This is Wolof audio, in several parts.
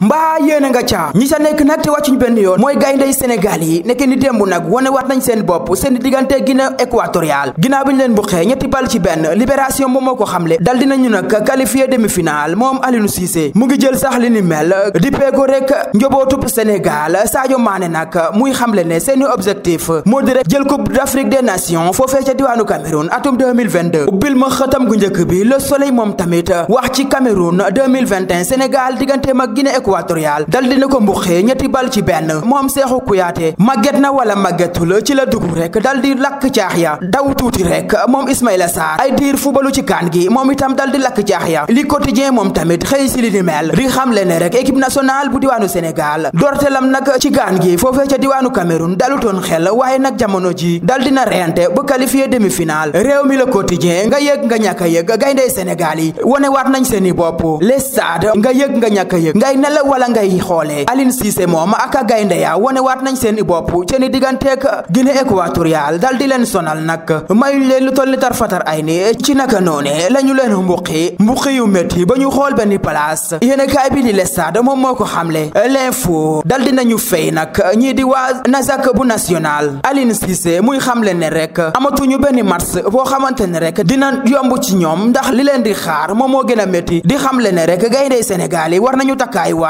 mbaa yéen a nga caa ñi sa nekk nag te wàccuñu benn yoon mooy gayndey Sénégal yi nekk ni démb nag wane waat nañ seen bopp seen diggante Guinée équatoriale ginnaaw bi ñu leen buqee ñetti bal ci benn libération moom moo ko xamle dal dinañu nag qualifié demi-finale moom Aliou Cissé mu ngi jël sax li ni mel di peego rek njobootub Sénégal Sadio Mané nag muy xamle ne seeni objectif moo di rek jël coupe d'Afrique des nations foofee ca diwaanu Cameroun atum 2022 ubbil moom tamit wax ci Cameroun 2021 Sénégal digganteem ak Guinée équatorial dal dina ko mbuqee ñetti bal ci benn moom Cheikhou Kouyaté màgget na wala màggetul ci la dugg rek dal di lakk caax ya daw tuuti rek moom Ismaïla Sarr ay diir fubalu ci kaan gi moom itam dal di lakk caax ya li quotidien moom tamit xëy si li ni mel di xamle ne rek équipe nationale bu diwaanu Sénégal dortelam nag ci kaan gi foofee ca diwaanu Cameroun dalutoon xel waaye nag jamono ji dal dina reyante ba qualifié demi-finale réew mi la quotidien nga yëg a a la wala ngay xoolee Aliou Cissé moom ak gaynde ya wanewaat nañ seen i bopp ci ni digganteeg Guinée équatoriale dal di leen sonal nag mayuñ leen lu toll ni tarfatar ay ni ci naka noone la ñu leen mbuqi mbuqi yu métti ba ñu xool benni place yéen kaay bi di le stade moom moo ko xamle l'info dal di ñu fay nag ñii di waa nazak bu national Aliou Cissé muy xamle ne rek amatuñu benn match boo xamante ne rek dina yomb ci ñoom ndax li leen di xaar moom moo gën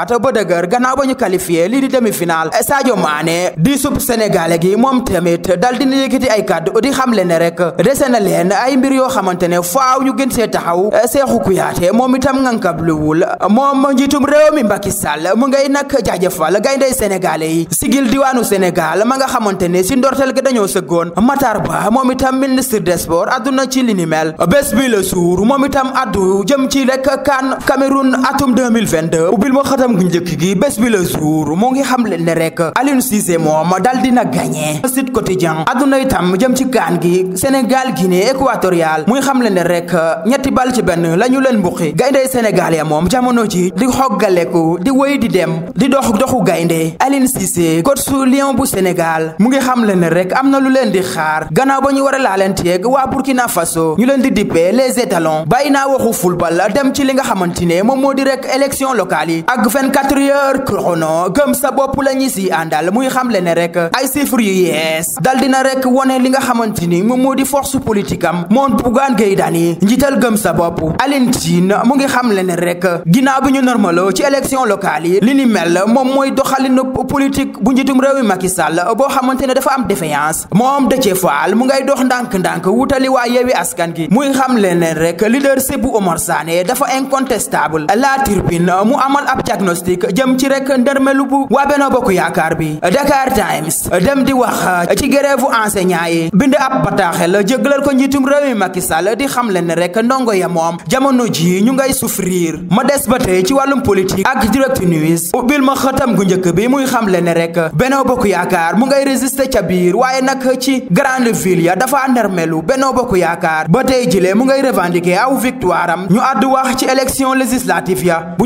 a defaat ba dëgër gannaaw ba ñu qualifié lii di demi-finale Sadio Mané di sub Sénégalais gi moom tamit dal dina yëkkati ay kàddu di xam ne rek dese na leen ay mbir yoo xamante ne faaw ñu gën see taxaw Cheikhou Kouyaté moom itam ngankab luwul moom njiitum réew mi Macky Sall mu ngay nag jaajëfal gayndey Sénégalais yi sigil diwaanu Sénégal ma nga xamante ne si ndorteel gi dañoo sëggoon Matar Ba moom itam ministre des sports àdduna ci li ni mel bés bi la suur moom itam addu jëm ci rek kan xëtam gu njëkk gi bés bi le jour moo ngi xamle ne rek Aliou Cissé moom dal dina gagné Sud Quotidien adduna itam jëm ci kaan gi Sénégal Guinée équatoriale muy xamle ne rek ñetti bal ci benn la ñu leen mbuqi gayndey Sénégal ya moom jamono ji di xoggaleku di wéy di dem di dox doxu gaynde Aliou Cissé coach su Lion bu Sénégal mu ngi xamle ne rek am na lu leen di xaar gannaaw ba ñu war a laalante ak waa Burkina Faso ñu leen di dippee les étalons bàyyi naa waxu football dem ci li nga xamante ne moom moo di rek élection locale vingt-quatre la ñi si ne rek ay chiffres yu yees rek wone li nga xamante ni moom moo di force politique am moom Bougane Gueye Dany njiital gëm sa bopp Alioune Tine mu ngi xamle ne rek ginnaaw bi ñu normaloo ci élection locale yi li ni mel moom mooy doxalinu politique bu njiitum réew mi Macky boo xamante ne dafa am défiance moom Déthié Fall mu ngay dox ndànk-ndànk wutali waa Yewwi Askan Wi muy xamle ne rek leadership bu Omar Sané dafa incontestable la turbine mu amal ab cag diagnostic jëm ci rek ndërmelu bu waa Benno Bokk Yaakaar bi Dakar Times dem di wax ci grève enseignant yi bind ab bataaxel jëglal ko njiitum réew mi Macky di xam leen rek ndongo ya moom jamono ji ñu ngay souffrir ma des ba tey ci wàllum politique ak direct news ubbil ma xëtam gu njëkk bi muy xam leen rek Benno Bokk Yaakaar mu ngay résister ca biir waaye nag ci grande ville ya dafa ndërmelu Benno Bokk Yaakaar ba tey jilee mu ngay revendiquer aw victoire am ñu àddu wax ci élection législative ya bu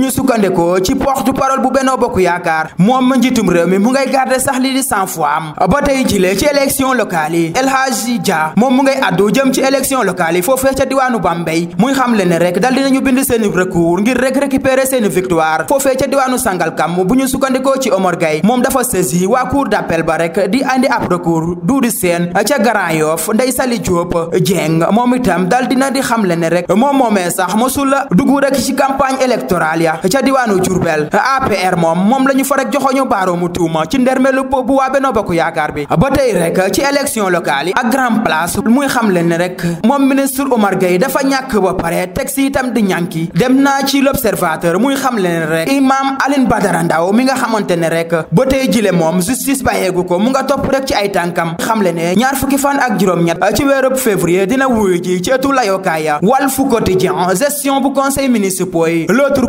porte parole bu Benno Bokk Yaakaar moom ma njiitum réew mi mu ngay garder sax li di sans foi am ba tey jilee ci élection locale yi El Hadji Dia moom mu ngay addu jëm ci élection locale yi foofee ca diwaanu Bambey muy xam le ne rek dal dinañu bind seeni recours ngir rek récupérer seeni victoire foofee ca diwaanu Sangalkam bu ñu sukkandikoo ci Omar Gueye moom dafa saisi waa cour d'appel ba rek di andi ab recours duudi seen ca Grand Yoff Ndeye Sali Diop Dieng moom itam di xam le ne rek moom moomee sax mosul dugg rek ci campagne électorale ya Sénégal APR moom moom la ñu fa rek joxoñu baaroomu tuuma ci ndermelu boobu waa Benno Bokk Yaakaar bi ba tey rek ci élection locale yi ak grand place muy xam leen ne rek moom ministre Omar Gueye dafa ñàkk ba pare teg si itam di ñànki dem naa ci l'observateur muy xam leen ne rek imam Alioune Badara Ndao mi nga xamante ne rek ba tey jile moom justice bàyyeegu ko mu nga topp rek ci ay tànkam xam leen ne ñaar fukki fan ak juróom-ñett ci weerub février dina wuyu ji ci ëttu layookaaya Walf Quotidien bu conseil municipal yi l'autre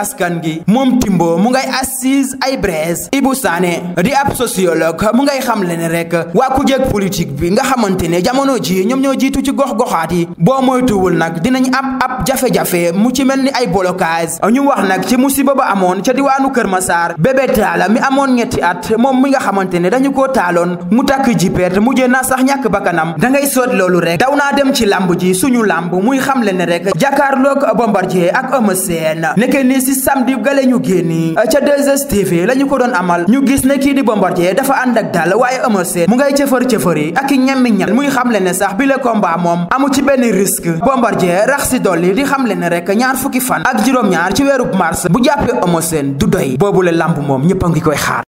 askan gi moom Timbo mu ngay assise ay braise Ibou Sané di ab sociologue mu ngay xam le ne rek waa ku jeeg politique bi nga xamante ne jamono ji ñoom ñoo jiitu ci gox-goxaat yi boo moytuwul nag dinañ ab ab jafe-jafe mu ci mel ni ay blocage ñu wax nag ci musiba ba amoon ca diwaanu Kër Massar bébé Talla mi amoon ñetti at moom mi nga xamante ne dañu koo taaloon mu takk jipeet mujj na sax ñàkk bakkanam da ngay sot loolu rek daw naa dem ci lamb ji suñu lamb muy xam le rek jàkkaarloog si samedi gale ñu génni ca 2STV la ñu ko doon amal ñu gis ne kii di Bombardier dafa ànd ak dal waaye Eumeu Sène mu ngay cëfër cëfëri ak i ñemmi ñam muy xamle ne sax bi le combat moom amu ci benn risque Bombardier rax si dolli di xamle ne rek ñaar fukki fan ak juróom-ñaar ci weeru mars bu jàppee Eumeu Sène du doy boobu la lamb moom ñëpp a ngi koy xaar